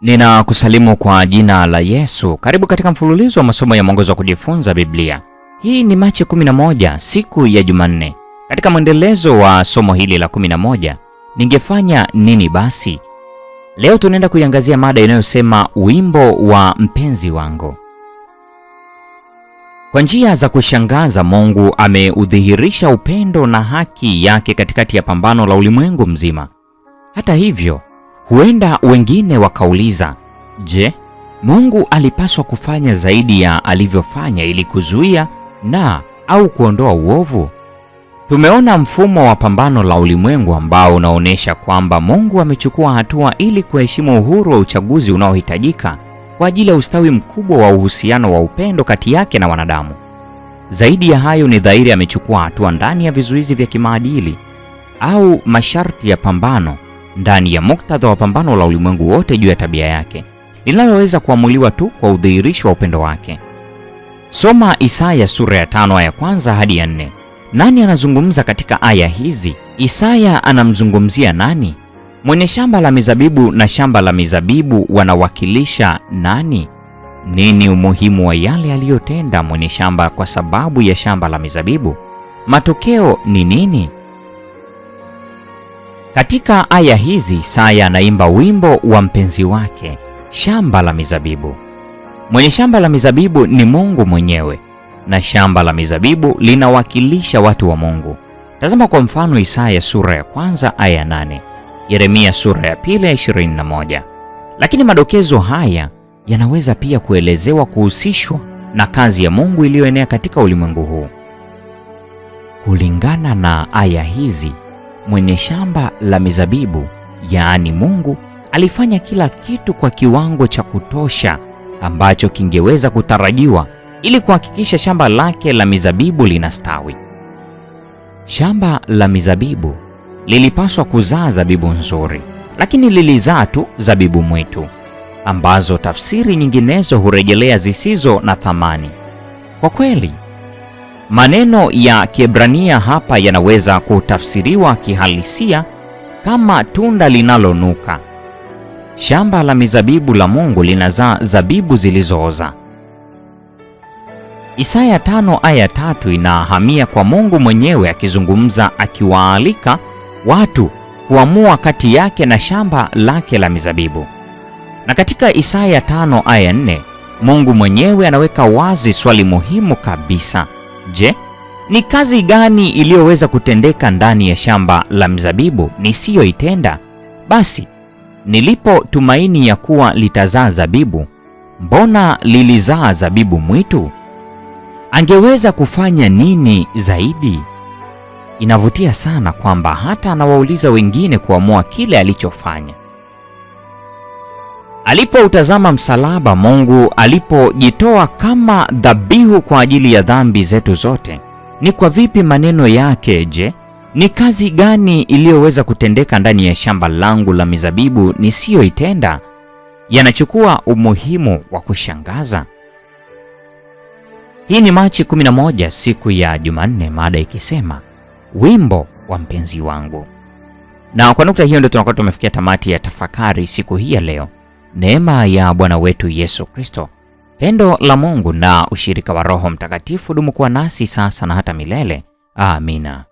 Ninakusalimu kwa jina la Yesu. Karibu katika mfululizo wa masomo ya mwongozo wa kujifunza Biblia. Hii ni Machi 11, siku ya Jumanne. Katika mwendelezo wa somo hili la 11, ningefanya nini basi? Leo tunaenda kuiangazia mada inayosema wimbo wa mpenzi wangu. Kwa njia za kushangaza, Mungu ameudhihirisha upendo na haki yake katikati ya pambano la ulimwengu mzima. Hata hivyo Huenda wengine wakauliza, je, Mungu alipaswa kufanya zaidi ya alivyofanya ili kuzuia na au kuondoa uovu? Tumeona mfumo wa pambano la ulimwengu ambao unaonyesha kwamba Mungu amechukua hatua ili kuheshimu uhuru wa uchaguzi unaohitajika kwa ajili ya ustawi mkubwa wa uhusiano wa upendo kati yake na wanadamu. Zaidi ya hayo, ni dhahiri amechukua hatua ndani ya vizuizi vya kimaadili au masharti ya pambano ndani ya muktadha wa pambano la ulimwengu wote juu ya tabia yake linaloweza kuamuliwa tu kwa udhihirisho wa upendo wake. Soma Isaya sura ya tano aya ya kwanza hadi ya nne. Nani anazungumza katika aya hizi? Isaya anamzungumzia nani? Mwenye shamba la mizabibu na shamba la mizabibu wanawakilisha nani? Nini umuhimu wa yale aliyotenda mwenye shamba kwa sababu ya shamba la mizabibu? Matokeo ni nini? Katika aya hizi Isaya anaimba wimbo wa mpenzi wake, shamba la mizabibu. Mwenye shamba la mizabibu ni Mungu mwenyewe, na shamba la mizabibu linawakilisha watu wa Mungu. Tazama kwa mfano Isaya sura ya kwanza aya nane, Yeremia sura ya pili ya moja. Lakini madokezo haya yanaweza pia kuelezewa kuhusishwa na kazi ya Mungu iliyoenea katika ulimwengu huu. Kulingana na aya hizi mwenye shamba la mizabibu, yaani Mungu, alifanya kila kitu kwa kiwango cha kutosha ambacho kingeweza kutarajiwa ili kuhakikisha shamba lake la mizabibu linastawi. Shamba la mizabibu lilipaswa kuzaa zabibu nzuri, lakini lilizaa tu zabibu mwitu ambazo tafsiri nyinginezo hurejelea zisizo na thamani. Kwa kweli Maneno ya Kiebrania hapa yanaweza kutafsiriwa kihalisia kama tunda linalonuka. Shamba la mizabibu la Mungu linazaa zabibu zilizooza. Isaya tano aya tatu inahamia kwa Mungu mwenyewe akizungumza akiwaalika watu kuamua kati yake na shamba lake la mizabibu. Na katika Isaya tano aya nne Mungu mwenyewe anaweka wazi swali muhimu kabisa. Je, ni kazi gani iliyoweza kutendeka ndani ya shamba la mzabibu nisiyoitenda? Basi nilipo tumaini ya kuwa litazaa zabibu, mbona lilizaa zabibu mwitu? Angeweza kufanya nini zaidi? Inavutia sana kwamba hata anawauliza wengine kuamua kile alichofanya. Alipoutazama msalaba, Mungu alipojitoa kama dhabihu kwa ajili ya dhambi zetu zote, ni kwa vipi maneno yake? Je, ni kazi gani iliyoweza kutendeka ndani ya shamba langu la mizabibu nisiyoitenda? Yanachukua umuhimu wa kushangaza. Hii ni Machi 11 siku ya Jumanne, mada ikisema wimbo wa mpenzi wangu. Na kwa nukta hiyo ndio tunakuwa tumefikia tamati ya tafakari siku hii ya leo. Neema ya Bwana wetu Yesu Kristo, pendo la Mungu na ushirika wa Roho Mtakatifu dumu kuwa nasi sasa na hata milele. Amina.